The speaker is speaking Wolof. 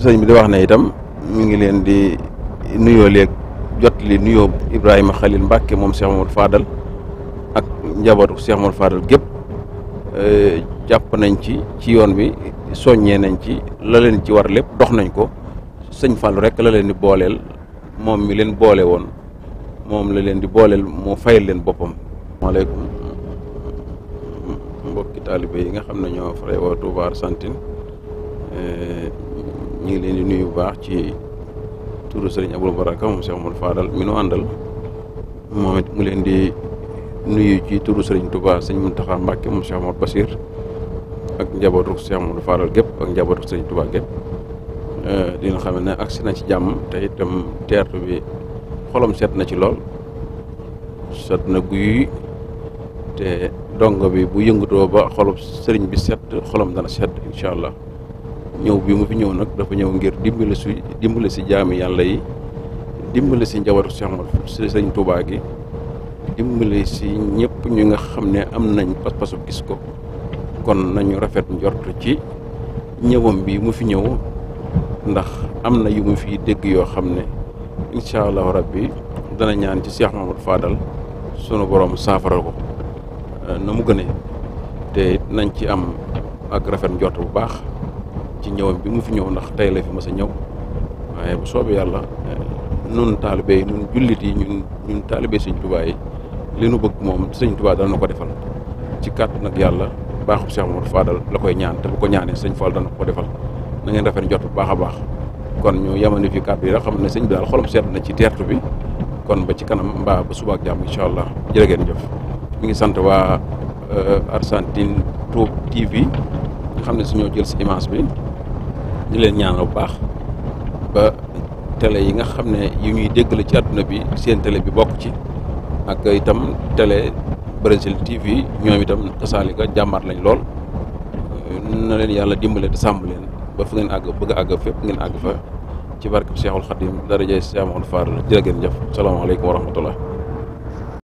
sëñ bi di wax na itam mu ngi leen di nuyoo léeg jot li nuyoo Ibrahima Khalil Mbacke moom Cheikh Mamadou Fadal ak njabootu Cheikh Mamadou Fadal gépp euh, jàpp nañ ci ci yoon wi soññee nañ ci la leen ci war lépp dox nañ ko sëñ Fallou rek la leen di booleel moom mi leen boole woon moom la leen di booleel moo fayal leen boppam. maaleykum mbokki taalibe yi nga xam ne ñoo farewoo Touba Argentine. Euh, ñu ngi leen di nuyu bu baax ci turu sëriñ Abul Baraka moom Cheikh Mouhamadou Fadal mi nu àndal moom it mu leen di nuyu ci turu sëriñ Touba sëñ Mountakha Mbacké moom Cheikh Mouhamadou Bassir ak njabootu Cheikh Mouhamadou Fadal gépp ak njabootu sëriñ Touba gépp euh, di nga xam ne agsi na ci jàmm te tam teertu bi xolom seet na ci lool set na guy te dongo bi bu yëngatoo ba xolub sëriñ bi set xolom dana set incha allah. ñëw bi mu fi ñëw nag dafa ñëw ngir dimbale si dimbale si jaami yàlla yi dimbale si njabootu Cheikh Ahmadou si sëñ Touba gi dimbale si ñëpp ñu nga xam ne am nañ pas-pasu gis ko kon nañu rafet njort ci ñëwam bi mu fi ñëw ndax am na yu mu fi dégg yoo xam ne incha allahu rabbi dana ñaan ci Cheikh Mamadou Fadal borom saafara ko eh, na mu te nañ ci am ak rafet njort bu baax ci ñëwam bi mu fi ñëw ndax tey la fi ma sa ñëw waaye bu soobee yàlla nun taalibe yi nun jullit yi ñun ñun taalibe sëñ Tuubaa li nu bëgg moom sëñ Tuubaa na ko defal ci kàttan nag yàlla baaxu Cheikh Mamadou Fadal la koy ñaan te bu ko ñaanee sëñ Fall dana ko defal na ngeen rafet jot bu a baax kon ñu yemandi fi kàddu yi rek xam ne sëñ bi daal xolam seet na ci teertu bi kon ba ci kanam mbaa ba suba ak jàmm incha allah jërë ngeen jëf mu ngi sant waa euh, Argentine Top TV nga xam ne su ñoo jël si dimance bi. di leen ñaanal bu baax ba télé yi nga xam ne yu ñuy dégg la ci àdduna bi seen télé bi bokk ci ak itam télé Brésil TV ñoom itam kasaalika jàmbaar lañ lool na leen yàlla dimbale te sàmm leen ba fu ngeen àgg bëgg a àgg fépp ngeen àgg fa ci barkeb Seexul Xadim daraja Seex Ahmadu Faadil jërë ngeen jëf salaamaaleykum wa rahmatullah